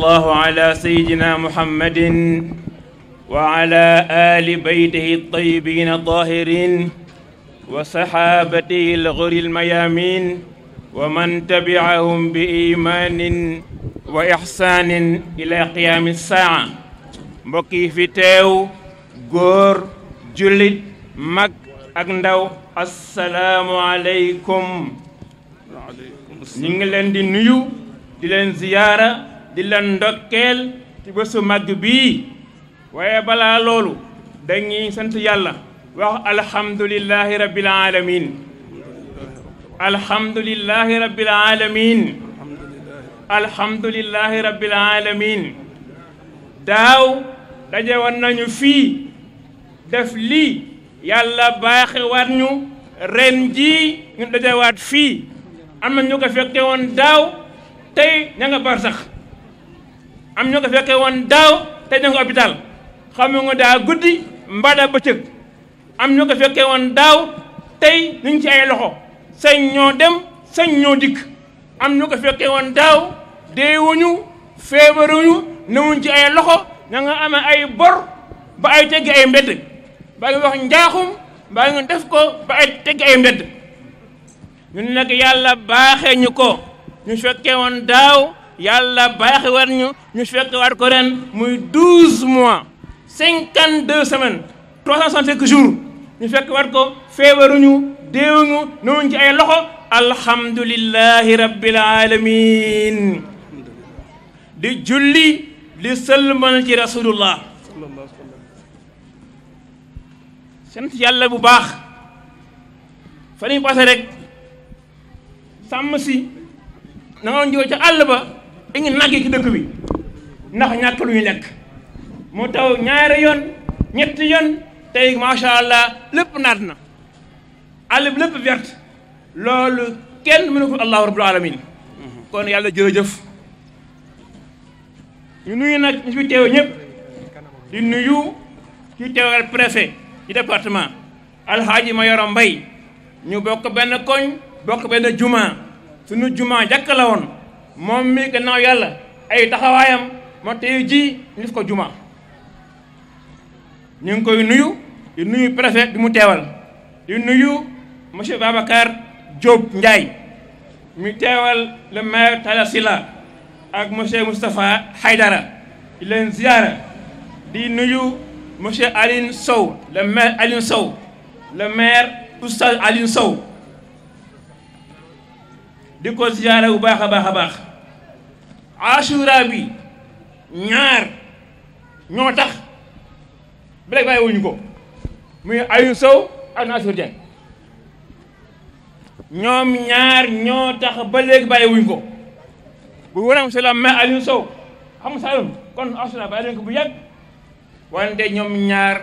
allahu ala sayidina muhammadin wa ala ali baytihi altayibina altahirin wa sahabatihi alxuri almayamin wa man tabiahum bi imanin wa ixsanin ila qiyaami saa mbokk yi fi teew góor jullit mag ak ndaw asalaamualeykum ñu ngi leen di nuyu di leen ziyaara di leen ndokkeel ci bésu màgg bii waaye balaa loolu dañuy sant yàlla wax alhamdulillahi rabbil alamin alhamdulillahi rabbil alamin daaw daje woon nañu fii def lii yàlla baaxe waat ñu ren jii ñu dajawaat fii am na ñu ko fekke woon daaw tey ña nga am ñu ko fekkee woon daaw te ñoo ngi hôpital daa guddi mbaada am ñoo ko fekkee daaw tey ñu ngi ay loxo sañ ñoo dem sañ dikk am ñoo ko fekkee woon daaw deewuñu feebaruñu newuñ ci ay loxo ña nga amee ay bor ba ay teggi ay mbedd baa ngi wax njaaxum baa ngi def ko ba ay teggi ay mbedd ñun nag yàlla baaxee ñu ko ñu fekkee woon daaw yàlla baaxi war ñu ñu fekk waat ko ren muy douze mois cinquante deux semaines trois cent soixante-cinq jours ñu fekk waat ko feebaruñu déewuñu newuñ ci ay loxo alhamdulillahi rabbil alamin di julli li sëlmal ci rasulullah sant yàlla bu baax fa ñu passé rek sàmm si na nga ñëw àll ba dañu màggee ci dëkk bi ndax ñàkk lu ñu lekk mu taw ñaari yoon ñetti yoon tey macha allah lépp naat na àll bi lépp vert loolu kenn mënu ko allahu rabbul alamin kon yàlla jërëjëf ñu nuyu nag ñu fi teew ñëpp di nuyu ci teewal préfet ci département alhaaji Mayoro Mbaye ñu bokk benn koñ bokk benn jumaa suñu jumaa jàkk la woon moom mi gannaaw yàlla ay taxawaayam ma tey ji ñu def ko juma ñu ngi koy nuyu di nuyu préfet bi mu teewal di nuyu monsieur Babacar Diop Ndiaye mi teewal le maire Talla ak mosier Moustapha Haydara di leen ziara di nuyu monsieur Aline Sow le maire Aline Sow le maire Oustaz Aline Sow di ko ziara bu baax a baax a baax asura bi ñaar ñoo tax ba léegi bàyyi wuñu ko muy Aliou Sow ak Nassour Dieng ñoom ñaar ñoo tax ba léegi bàyyi wuñu ko bu waram si la mais Sow xam nga kon asura bàyyi leen ko bu yàgg wante ñoom ñaar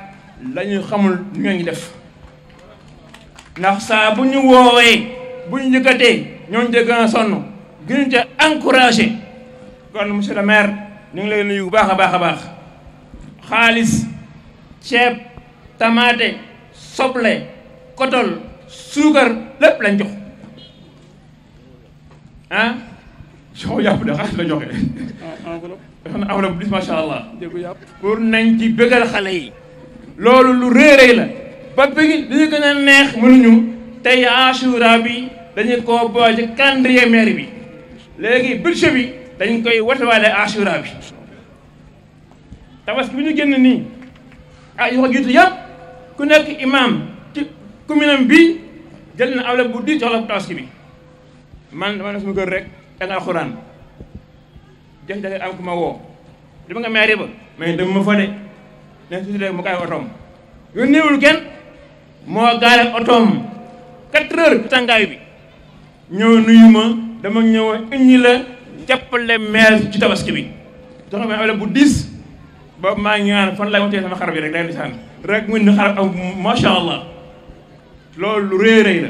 la xamul lu ñoo ngi def ndax saa bu ñu woowee bu ñu njëkkatee ñoo njëkk a sonn gën te encouragé kon monsieur le maire ñu ngi lay nuyu bu baax a baax a baax xaalis ceeb tamaate soble kotol suukar lépp lañ jox ah jox yàpp de xaalis la joxe dafa na enveloppe bis macha allah pour nañ ci bëggal xale yi loolu lu réeréy la ba bëgg dañu gën a neex mënuñu tey asura bi dañu koo boole ci calendrier maire bi léegi budget bi dañ koy watawaale asura bi tabaski bi ñu génn nii ah yu ko jiitu yëpp ku nekk imam ci commune am bi jël na awla bu di jox la tabaski bi man dama ne sama kër rek da nga alxuraan jëf am ku ma woo di nga maire ba mais dama ma fa de ne susi de mu kaay otoom yu néewul kenn moo gaare otoom quatre heures tàngaay bi ñëw nuyu ma dama ñëw indi la jàppale maire ci tabaski bi jox ma am bu diis ba maa ngi ñaan fan laay wotee sama xar bi rek day lisaan rek mun ni xar am macha allah loolu lu rëy rëy la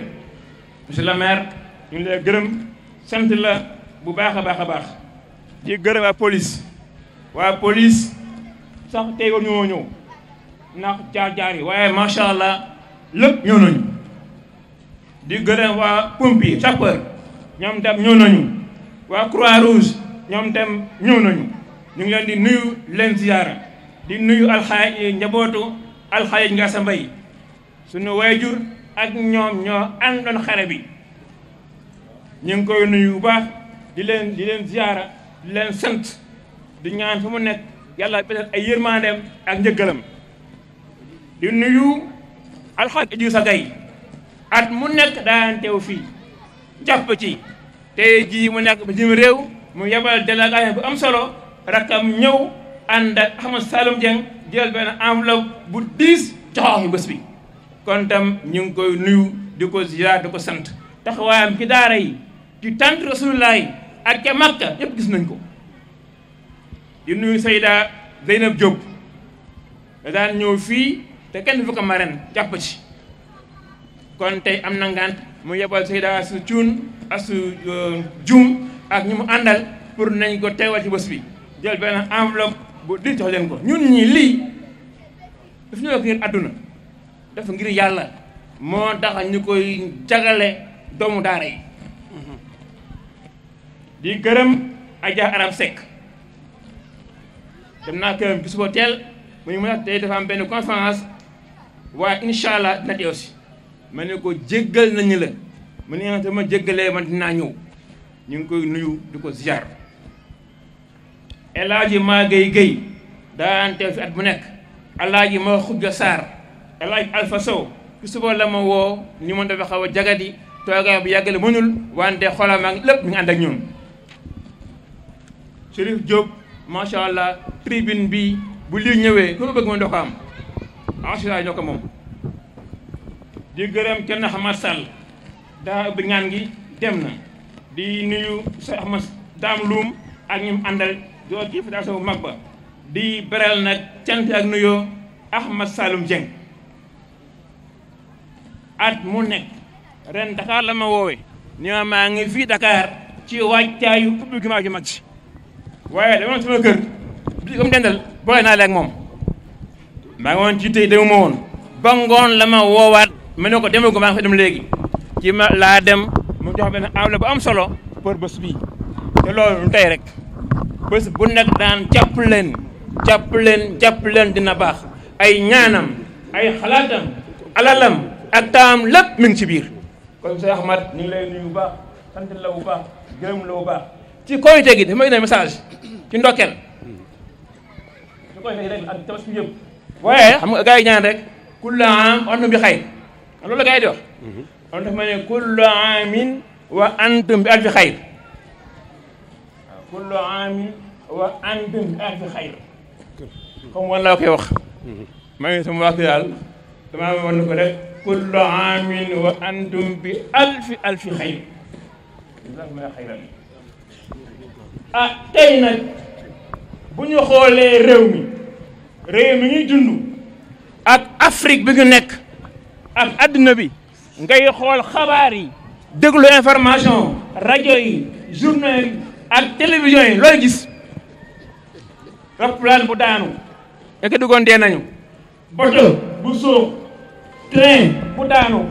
monsieur le maire ñu ngi lay gërëm sant la bu baax a baax a baax di gërëm waa police waa police sax tey war ñoo ñëw ndax jaar-jaar waaye macha allah lépp ñëw nañu di waa pompier sapeur ñoom tam ñëw nañu waa croix rouge ñoom tam ñëw nañu ñu ngi leen di nuyu leen ziyaara di nuyu alxaaj njabootu alxaaj nga sa mbay suñu waajur ak ñoom ñoo àndoon xare bi ñu ngi koy nuyu bu baax di leen di leen ziyaara di leen sant di ñaan fu mu nekk yàlla peut ay yërmandeem ak njëggalam di nuyu alxaaj aju sa gay at mu nekk daan teew fii jàpp ci tey ji mu nekk ba jëm réew mu yebal délégation bu am solo rakam ñëw ànd ak Ahmed Saloum Dieng jël benn enveloppe bu diis joxoon bés bi. kon tam ñu ngi koy nuyu di ko ziar di ko sant taxawaayam ci daara yi ci tant Rasulullah ak ca Makka ñëpp gis nañ ko. di nuyu Seyda Zeynab Diop da daan ñëw fii te kenn du ko jàpp ci kon tey am na ngant mu yebal Seyda su Thioune. asu euh, jum ak ñu mu àndal pour nañ ko teewal ci bés bi jël benn enveloppe bu di jox leen ko ñun ñi lii daf ñu def ngir àdduna def ngir yàlla moo tax ñu koy jagale doomu daara yi di gërëm Adja Aram Seck dem naa këram bi suba teel mu ñu mën a tey dafa am benn conférence waaye incha allah dina teew si ma ne ko jéggal nañu la mu ne ma jéggalee man dinaa ñëw ñu ngi koy nuyu du ko ziar El Hadj Maguette Guèye daan fi at bu nekk El Hadj ma Khoudia Sarr El Hadj Alpha Sow ki suba la ma woo ni ma dafa xaw a jagadi toogaay bi yàggale mënul wante xolam ak lépp mi ngi ànd ak ñun. Chérif Diop macha allah tribune bi bu lii ñëwee ku ko bëgg ma doo ko am macha allah ko moom di gërëm kenn xamaat Sall. daa bi ñaan gi dem na di nuyu Cheikh Ahmad Dame Loum ak ñum àndal doo ci fédération bu mag ba di beral na cant ak nuyoo Ahmad Saloum Dieng at mu nekk ren Dakar la ma woowe ni ma maa ngi fii Dakar ci waajtaayu public maa ju mag ci waaye dama sama kër bi comme dendal boole naa leeg moom maa ngi woon ci tey demu ma woon la ma woowaat ma ne ko demaguma maa ngi fa dem léegi ci laa dem mu jox benn enveloppe bu am solo pour bés bii te loolu lu tey rek bés bu nekk daan jàpp leen jàpp leen jàpp leen dina baax ay ñaanam ay xalaatam alalam ak taam lépp mi ngi ci biir kon Cheikh Ahmad ñu ngi lay nuyu bu baax la bu baax gërëm la bu baax ci comité gi dama indi message ci ndokkeel ci comité gi waaye xam nga gars yi ñaan rek kulla am annu bi xay loolu la gars yi kon dafa ma ne kullu aamin wa antum bi alfi xayr waaw kullu aamin wa antum bi alfi xayr comme wan laa koy wax maa ngi sama waxtu daal damaa war na ko rek kullu aamin wa antum bi alfi alfi xayr jazakumullahu xayran ah tey nag bu ñu xoolee réew mi réew mi ngi dund ak Afrique bi ñu nekk ak àddina bi ngay xool xabaar yi déglu information rajo yi journaux yi ak télévision yi looy gis roplaan bu daanu eke duggoon dee nañu bato bu suux train bu daanu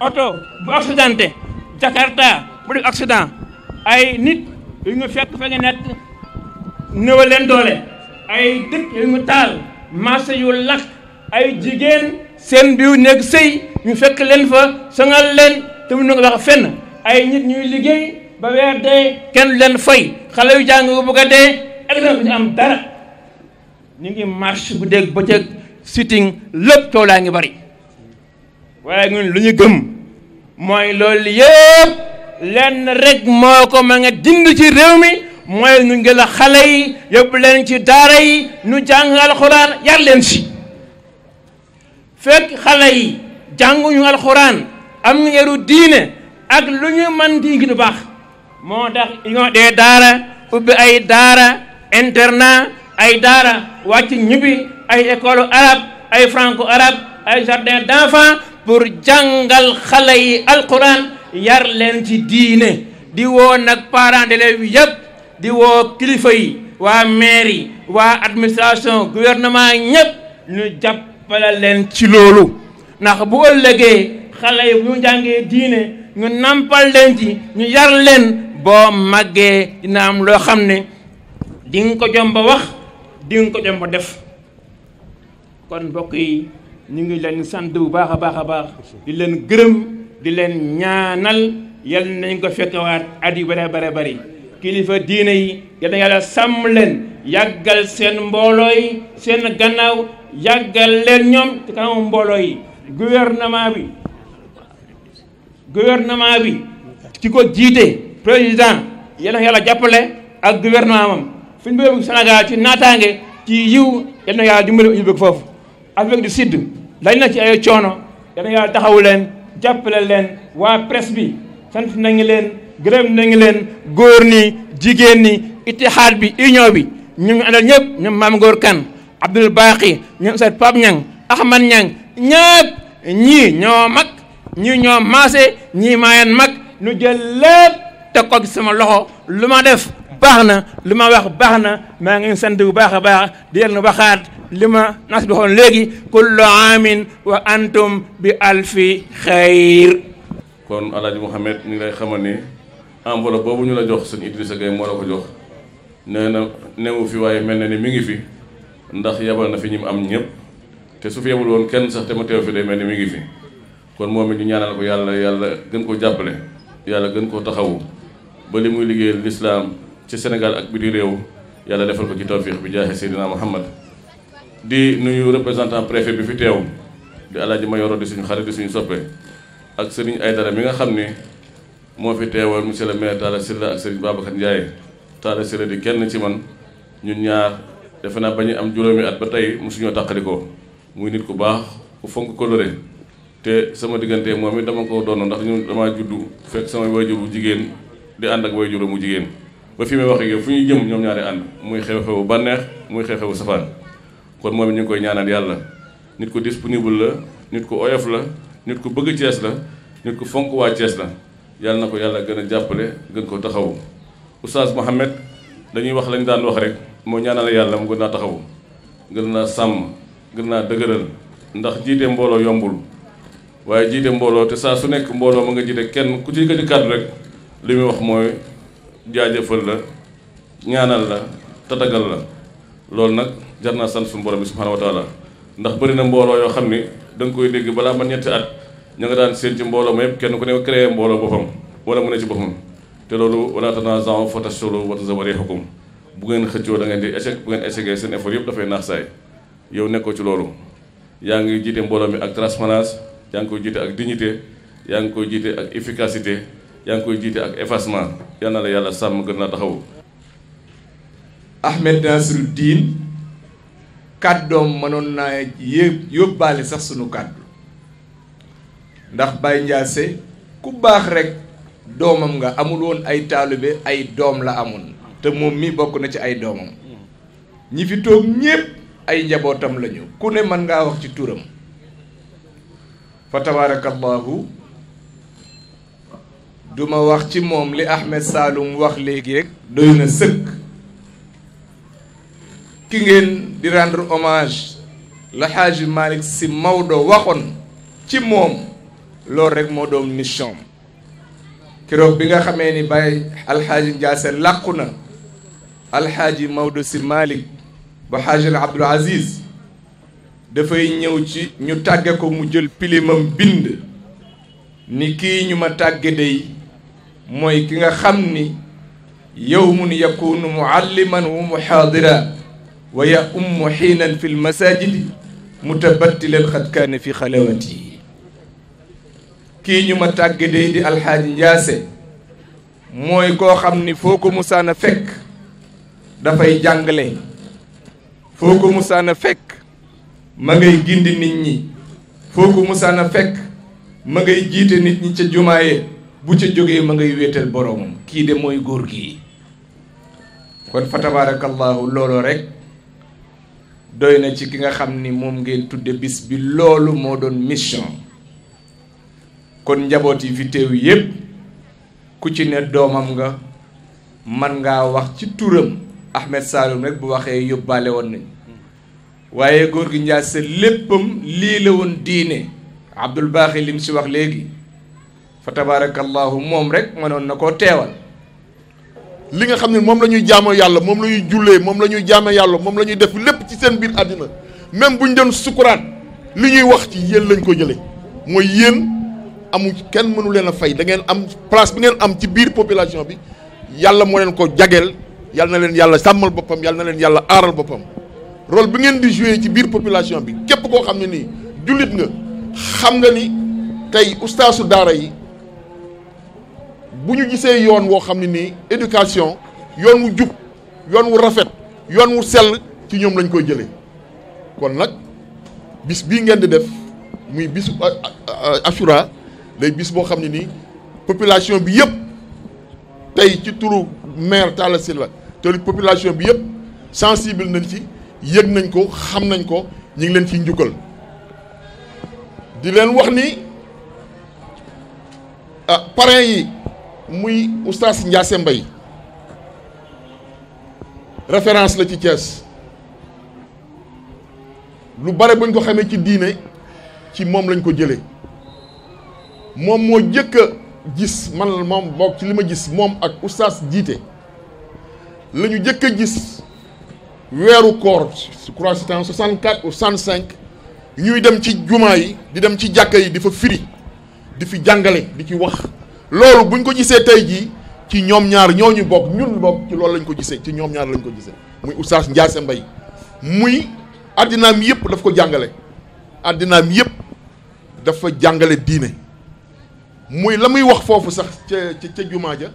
oto bu accidenté Jakarta bu di accident ay nit yu ñu fekk fa nekk néew leen doole ay dëkk yu ñu taal marché yu lakk ay jigéen seen biir nekk sëy ñu fekk leen fa sangal leen te mu nga wax fenn ay nit ñuy liggéey ba weer dee kenn leen fay xale yu jàng bu dee exemple ñu am dara ñu ngi marche bu dégg bëccëg sitting lépp coow laa ngi bari waaye ñun lu ñu gëm mooy loolu yëpp lenn rek moo ko ma nga dind ci réew mi mooy ngi la xale yi yóbbu leen ci daara yi ñu jàng alxuraan yar leen si fekk xale yi jànguñu alxuraan am yaru diine ak lu ñu man di baax moo tax ñoo dee daara ubbi ay daara internat ay daara wàcc ñibbi ay école arabe ay franco arabe ay jardin d'enfants pour jàngal xale alxuraan yar leen ci diine di woo nag parents d'élèves yëpp di woo kilifa yi waa maire yi waa administration gouvernement ñëpp ñu jàppale leen ci loolu ndax bu ëllëgee xale yi bu ñu jàngee diine ñu nampal leen ci ñu yar leen boo màggee dina am loo xam ne di ko jomba wax di nga ko jomba def kon mbokk yi ñu ngi leen sant bu baax a baax a baax di leen gërëm di leen ñaanal yal nañ ko fekkewaat at yu bare bare bari kilifa diine yi yal na yàlla sàmm leen yàggal seen mbooloo yi seen gannaaw yàggal leen ñoom te kanamu mbooloo yi gouvernement bi gouvernement bi ci ko jiite président yal na jàppale ak gouvernement am fi ñu bëgg Sénégal ci naataange ci yiw yal na yàlla dimbali foofu Afrique du Sud lañ na ci ay coono yal na yàlla leen jàppale leen waa presse bi sant nañu leen gërëm nañu leen góor ni jigéen ñi ittihaad bi union bi ñu ngi àndal ñëpp ñoom Mame kan Kane Abdoul Baqi ñoom Seydou Pape Niang Ahmad Niang ñëpp ñii ñoo mag ñii ñoo maase ñii maayan mag ñu jël lépp teg ko ci sama loxo lu ma def baax na lu ma wax baax na maa ngi sant bu baax a baax di leen waxaat li ma nas bi xoon léegi kullu aamin wa antum bi alfi xayr kon alaaji Mouhamed ñu ngi lay xamal ne enveloppe boobu ñu la jox sëñ Idrissa Gueye moo la ko jox nee na newu fi waaye mel na ni mi ngi fi ndax yabal na fi ñi mu am ñëpp te su fi woon kenn sax te ma teew fi day mel ni mi ngi fi kon moom it ñu ñaanal ko yàlla yàlla gën koo jàppale yàlla gën koo taxawu ba li muy liggéey lislaam ci Sénégal ak biti réew yàlla defal ko ci tawfiix bi jaaxe Seydina Muhammad di nuyu représentant préfet bi fi teew di alaaji Mayoro di suñu xarit di suñu soppe ak sëriñ Aydara mi nga xam ne moo fi teewal monsieur le maire Talla Sylla ak sëriñ Babacar Ndiaye Talla Sylla di kenn ci man ñun ñaar defe naa ba ñu am juróomi at ba tey mosuñoo tàqalikoo muy nit ku baax ku fonk coloré te sama diggante moom it dama ko doonoon ndax ñu damaa juddu fekk sama waajur bu jigéen di ànd ak waajur mu jigéen ba fi may wax ak fu ñuy jëm ñoom ñaari ànd muy xew-xewu bànneex muy xew-xewu safaan kon moom it ñu ngi koy ñaanal yàlla nit ku disponible la nit ko oyof la nit ku bëgg Cees la nit ko fonk waa Cees la yàlla na ko yàlla gën a jàppale gën ko taxawu oustaz Mohamed dañuy wax lañu daan wax rek moo ñaanal yàlla mu gën naa taxawu gën sàmm gën naa dëgëral ndax jiite mbooloo yombul waaye jiite mbooloo te saa su nekk mbooloo ma nga jiite kenn ku ci gëj kàddu rek li muy wax mooy jaajëfal la ñaanal la tatagal la loolu nag jar naa sant su borom bi subhaanahu wa taala ndax bëri na mbooloo yoo xam ni da nga koy balaa man ñetti at ña nga daan seen ci mbooloo ma yëpp kenn ku ne créé mbooloo boppam wala mu ne ci boppam te loolu wala tanaza'u fa tafshalu wa tazawwadu riihukum bu ngeen xëccoo da ngeen di échec bu ngeen échecgee seen effort yëpp dafay naax saay yow nekkoo ci loolu yaa ngi jiite mbooloo mi ak transparence yaa ngi koy jiite ak dignité yaa ngi koy jiite ak efficacité yaa ngi koy jiite ak effacement yal na la yàlla sàmm gën na taxaw Ahmed Nasruddin kàddoom mënoon naa yé yóbbaale sax sunu kàddu ndax Baye Ndiassé ku baax rek doomam nga amul woon ay taalibe ay doom la amoon te moom mi bokk na ci ay doomam ñi fi toog ñépp ay njabootam lañu ku ne mën ngaa wax ci turam fa tabarakallahu duma wax ci moom li Ahmed Saloum wax léegi rek doy na sëkk ki ngeen di rendre hommage la Xaaji Malick si Maodo waxoon ci moom loolu rek moo doon mission keroog bi nga xamee ni Baye alxaaji Ndiassé làqu na alxaaji Maodo si Malick ba xaajal Abdul Aziz dafay ñëw ci ñu tàgge ko mu jël pilimam bind ni kii ñu ma tàgge day mooy ki nga xam ni yowmu yakunu mualliman wa muxaadira wa ya ummu xiinan fi lmasajidi mutabattilan xad kaane fi xalawat kii ñu ma tàgge day di alxaaji njaase mooy koo xam ni foo ko musaana fekk dafay jàngale foo ko musaana fekk ma ngay gindi nit ñi foo ko musaana fekk ma ngay jiite nit ñi ca jumaaye bu ca jógee ma ngay wéetal boroomam kii de mooy góor gi kon fa tabaarakallaahu loolu rekk doy na ci ki nga xam ni moom ngeen tudde bis bi loolu moo doon mission kon njaboot yi fi teew yépp ku ci ne doomam nga man ngaa wax ci turam Ahmed Saloum rek bu waxee yóbbaale woon nañ waaye góor gi Ndiass sa léppam lii la woon diine Abdoul Baaxi lim si wax léegi fa tabaarakallaahu moom rek mënoon na koo teewal. li nga xam ne moom la ñuy jaamoo yàlla moom la ñuy moom la ñuy yàlla moom la ñuy def lépp ci seen biir àddina même bu ñu doon sukuraat li ñuy wax ci yéen lañ ko jëlee mooy yéen amu kenn mënu leen a fay dangeen am place bi ngeen am ci biir population bi yàlla moo leen ko jageel. yal na leen yàlla sàmmal boppam yal na leen yàlla aaral boppam role bi ngeen di joué ci biir population bi képp koo xam ne nii jullit nga xam nga ni tey ustaasu daara yi bu ñu gisee yoon woo xam ne nii éducation yoon wu jub yoon wu rafet yoon wu sell ci ñoom lañ koy jëlee kon nag bis bii ngeen di def muy bis Achoura day bis boo xam ne nii population bi yëpp tey ci turu maire Talla la te population bi yëpp sensible nañ ci yëg nañ ko xam nañ ko ñu ngi leen ci njukkal di leen wax ni ah yi muy oustaz Ndiassé Mbaye référence la ci Thiès lu bare bañ ko xamee ci diine ci moom lañ ko jëlee moom moo jëkk a gis man moom bokk ci li ma gis moom ak oustaz jiite la ñu njëkk a gis weeru koor je crois c'était en 64 ou 65 ñuy dem ci jumaa yi di dem ci jàkka yi di fa firi di fi jàngale di ci wax loolu buñ ko gisee tey jii ci ñoom ñaar ñu bokk ñun bokk ci loolu lañ ko gisee ci ñoom ñaar lañ ko gisee muy Oustaz Ndiasse mbay muy àddinaam yëpp daf ko jàngale àddinaam yëpp dafa jàngale diine muy la muy wax foofu sax ca ca ca jumaa ja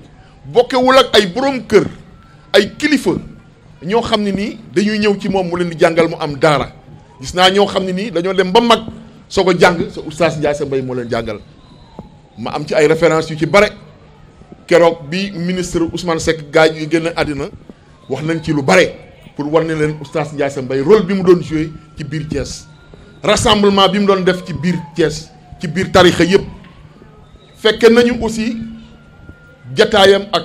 bokkewul ak ay boroom kër ay kilifa ñoo xam ne nii dañuy ñëw ci moom mu leen di jàngal mu am daara gis naa ñoo xam ne nii dañoo dem ba mag soo ko jàng sa oustaz Ndiaye sa mbay moo leen jàngal ma am ci ay références yu ci bare keroog bi ministre Ousmane Seck gaañ yu génn àddina wax nañ ci lu bare pour war na leen oustaz Ndiaye sa mbay rôle bi mu doon joué ci biir Thiès rassemblement bi mu doon def ci biir Thiès ci biir tarixa yëpp fekke nañu aussi jataayam ak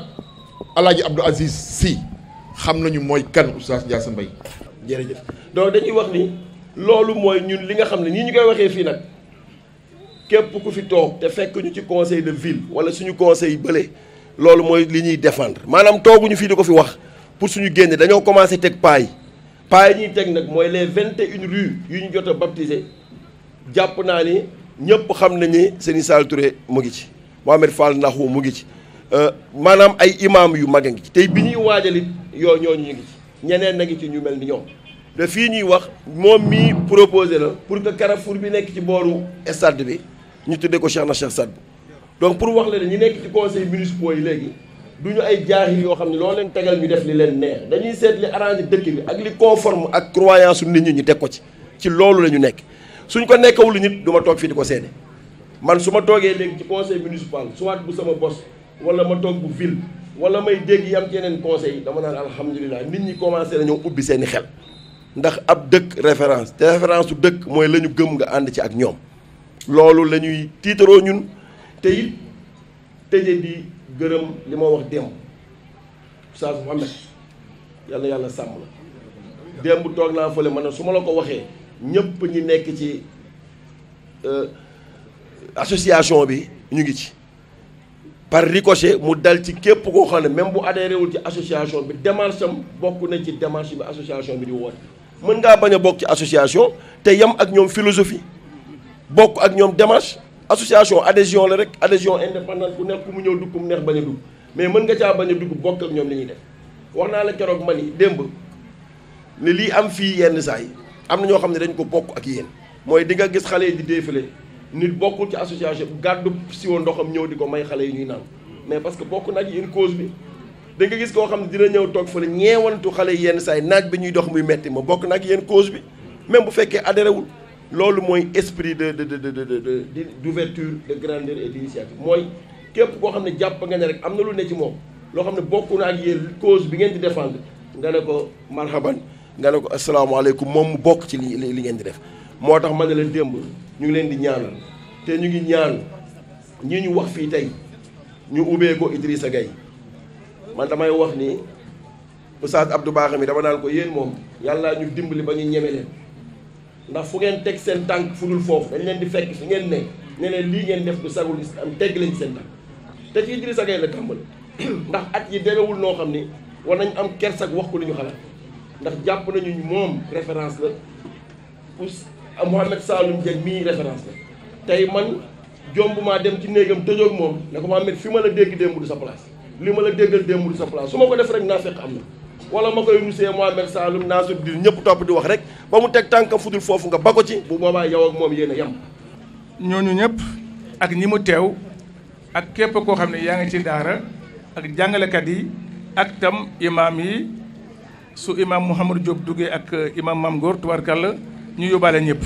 alaaji Abdou Aziz Sy xam nañu mooy kan sa Ndiassane Mbaye jërëjëf donc dañuy wax ni loolu mooy ñun li nga xam ne nii ñu koy waxee fii nag képp ku fi toog te fekk ñu ci conseil de ville wala suñu conseil bële loolu mooy li ñuy défendre maanaam tooguñu fii di ko fi wax pour suñu génne dañoo commencé teg paay paay ñuy teg nag mooy les vingt et une rues yu ñu jot a baptisé jàpp naa ni ñëpp xam nañ ni Serigne Sall mu ngi ci Mohamed Fall Ndaxu mu ngi ci Euh, maanaam ay imaam yu mag a ngi ci tey bi ñuy waajalit yoo ñoo ñu ngi ci ñeneen na ci ñu mel ni ñoom de fii ñuy wax moom mii proposé la pour que carrefour bi nekk ci booru stade bi ñu tuddee ko Cheikh na Cheikh donc pour wax leen ñi nekk ci conseil municipal yi léegi du ay jaaxil yoo xam ne loo leen tegal ñu def li leen neex dañuy seet li arrangé dëkk bi ak li conforme ak croyance nit ñi ñu teg ko ci ci loolu la ñu nekk suñ ko nekkawul nit du ma toog fii di ko seede man su ma toogee léegi ci conseil municipal soit bu sama bos wala ma toog bu ville wala may dégg yi am ci yeneen conseil dama naan alhamdulilah nit ñi commencé nañoo ubbi seeni xel ndax ab dëkk référence te référence su dëkk mooy la ñu gëm nga ànd ci ak ñoom loolu lañuy ñuy tiitaroo ñun te it tëje di gërëm li ma wax démb Oustaz yàlla sàmm la démb naa fële ma ne su ma la ko waxee ñëpp ñi nekk ci euh, association bi ñu ngi ci par ricochet mu dal ci képp koo xam ne même bu adhéré wul ci association bi démarche am bokk na ci démarche bi association bi di woon mën ngaa bañ a bokk ci association te yem ak ñoom philosophie bokk ak ñoom démarche association adhésion la rek adhésion indépendante ku nekk ku mu ñëw dugg ku mu neex bañ a dugg mais mën nga caa bañ a dugg bokk ak ñoom li ñuy def wax naa la keroog ma ni démb ne lii am fii yenn saa am na ñoo xam ne dañ ko bokk ak yéen mooy di nga gis xale yi di défilé nit bokkul ci association gàddu si siwo ndoxam ñëw di ko may xale yi ñuy naan mais parce que bokk na ci une cause bi da nga gis koo xam ne dina ñëw toog fële ñeewantu xale yi yenn saay naaj bi ñuy dox muy metti ma bokk na ak yenn cause bi même bu fekkee adhéré wul loolu mooy esprit de de de de de d'ouverture de grandeur et képp koo xam ne jàpp nga ne rek am na lu ne ci moom loo xam ne bokk na ak yéen bi ngeen di défendre nga ne ko marhaban nga ne ko asalaamaaleykum moom mu bokk ci li li ngeen di def moo tax ma ne leen démb ñu ngi leen di ñaan te ñu ngi ñaan ñi ñu wax fii tey ñu ubbee ko Idrissa Gueye man damay wax ni ab du Bakh mi dama naan ko yéen moom yàlla ñu dimbali ba ñu ñemee leen ndax fu ngeen teg seen tànk fu dul foofu dañ leen di fekk fi ngeen ne ne leen lii ngeen def du sagul am tegg leen seen tànk te ci Idrissa Gueye la tàmbali ndax at yi demewul noo xam ni war nañ am kersak wax ko li ñu xalaat ndax jàpp nañu moom référence la Mouhamed Saloum Dieng mii référence la tey man jomb maa dem ci néegam tëjoog moom ne ko Mouhamed fi ma la dégg démb du sa place li ma la déggal démb du sa place su ma ko def rek naa fekk am na wala ma koy rusee Mouhamed Saloum Nasir di ñëpp topp di wax rek ba mu teg tànkam fudul foofu nga ba ko ci bu boobaa yow ak moom yéen a yem ñooñu ñëpp ak ñi mu teew ak képp koo xam ne yaa ngi ci daara ak jàngalekat yi ak tam imaam yi su imaam Mouhamadou Diop duggee ak imaam Mame Ngor ñu yóbbaale ñëpp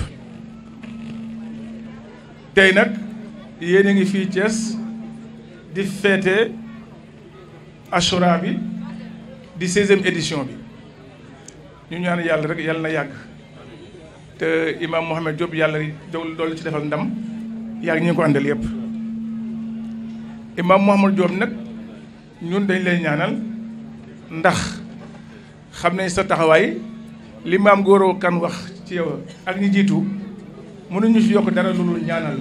tey nag yéen a ngi fii Thiès di feete Achoura bi di seizième édition bi ñu ñaan yàlla rek yàlla na yàgg te Imam Mohamed Diop yàlla li ci defal ndam yàgg ñu ngi ko àndal yëpp Imam Mohamed Diop nag ñun dañ lay ñaanal ndax xam nañ sa taxawaay li maam Goro kan wax ci yow ak ñi jiitu mënuñu ci yokk dara loolu ñaanal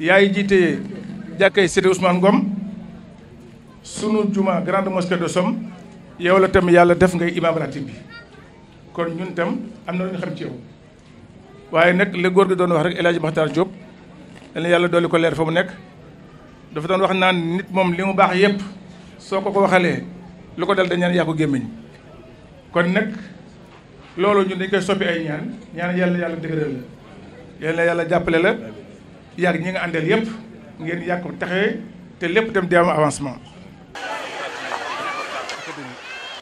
yaay jiite jàkkay cité Ousmane Ngom sunu jumaa grande mosquée de Somme yow la tam yàlla def ngay imam ratib bi kon ñun tam am na lu ñu ci yow waaye nag li góor gi doon wax rek El Hadj Makhtar Diop dañ yàlla dolli ko leer fa mu nekk dafa doon wax naan nit moom li mu baax yépp soo ko ko waxalee lu ko dal dañ naan yaa gémmiñ kon nag loolu ñun dañ koy soppi ay ñaan ñaan yàlla yàlla dëgëral la yàlla yàlla jàppale la yàgg ñi nga àndal yëpp ngeen yàq taxee te lépp dem di am avancement.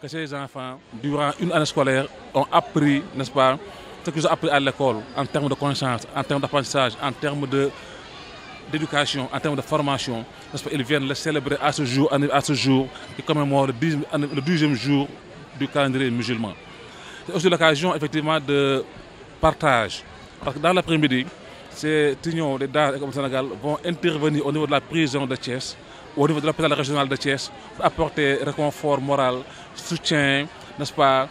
que ces enfants durant une année scolaire ont appris n'est-ce pas ce qu'ils ont appris à l'école en termes de connaissances en termes d'apprentissage en termes de d'éducation en termes de formation n'est-ce pas ils viennent le célébrer à ce jour à ce jour qui commémore le dixième jour du calendrier musulman. C'est aussi l'occasion effectivement de partage. Parce que dans l'après-midi, ces unions des DAR et comme Sénégal vont intervenir au niveau de la prison de Thiès, au niveau de l'hôpital régional de Thiès, pour apporter réconfort moral, soutien, n'est-ce pas,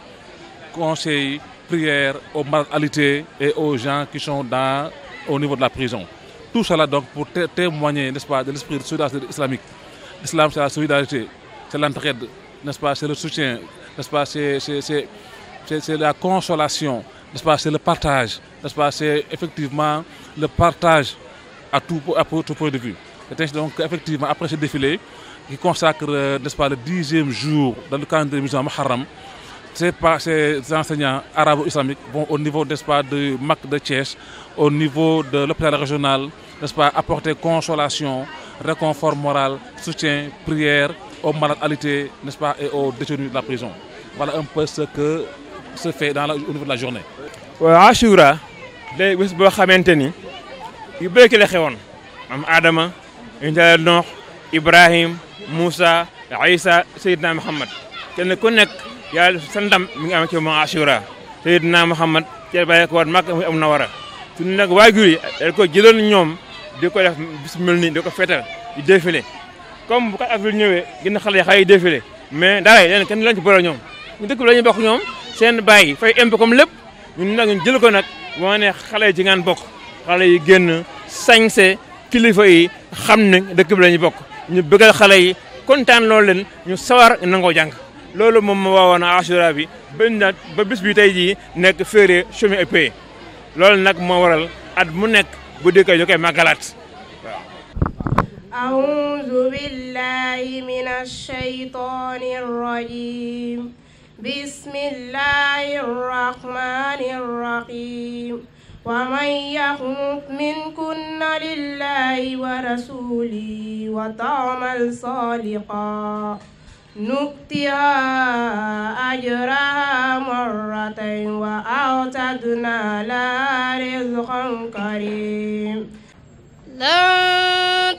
conseil, prière aux moralités et aux gens qui sont dans, au niveau de la prison. Tout cela donc pour témoigner, n'est-ce pas, de l'esprit de solidarité islamique. L'islam, c'est la solidarité, c'est l'entraide, nest c'est la consolation, n'est-ce pas, c'est le partage, n'est-ce pas, c'est effectivement le partage à tout, à tout point de vue. Et donc, effectivement, après ce défilé, qui consacre, euh, n'est-ce pas, le dixième jour dans le cadre de musulmans Muharram, ces, ces enseignants arabo-islamiques vont au niveau, n'est-ce pas, de Mac de Thiès, au niveau de l'hôpital régional, n'est-ce pas, apporter consolation, réconfort moral, soutien, prière aux malades alités, n'est-ce pas, et aux détenus se fait dans la, au niveau de la journée. waaw boo xamante ni yu bëri la xewoon am Adama Incha Noox Ibrahim Moussa Aïssa Seydina Mohamed kenn ku nekk yàlla sa ndam mi ngi am ci moom Achoura Seydina Mohamed cee bàyyi ko woon mag muy am na war a suñu nag waajur yi dañ ko jëloon ñoom di ko def bis di ko fetal di défilé comme bu 4 avril ñëwee gën a xale yi xale yi défilé mais dara yéen kenn lañ ci boole ñoom. ñu dëkk bi ñu bokk ñoom seen bàyyi fay imp comme lépp ñun nag ñun jël ko nag moo ne xale yi ci bokk xale yi génn sañse kilifa yi xam ne dëkk bi ñu bokk ñu bëggal xale yi kontaan loolu leen ñu sawar nangoo jàng loolu moom ma waawoon asura bi bañ na ba bis bi tey jii nekk féeré chemin et loolu nag moo waral at mu nekk bu dee koy ñu koy màggalaat waaw أعوذ بالله من الشيطان الرجيم بسم الله الرحمن الرحيم ومن يقنط منكن لله ورسوله وتعمل صالحا نؤتها أجرها مرتين وأعتدنا لها رزقا كريم لن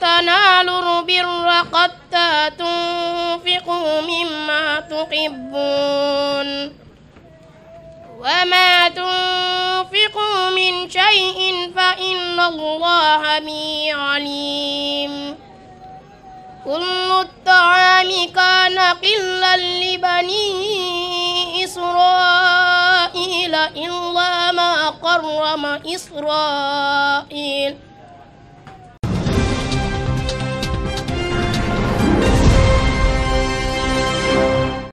تنالوا البر قد حتى تنفقوا مما تحبون وما تنفقوا من شيء فإن الله به عليم كل الطعام كان قلا لبني إسرائيل إلا ما قرم إسرائيل